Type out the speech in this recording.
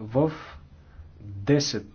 в 10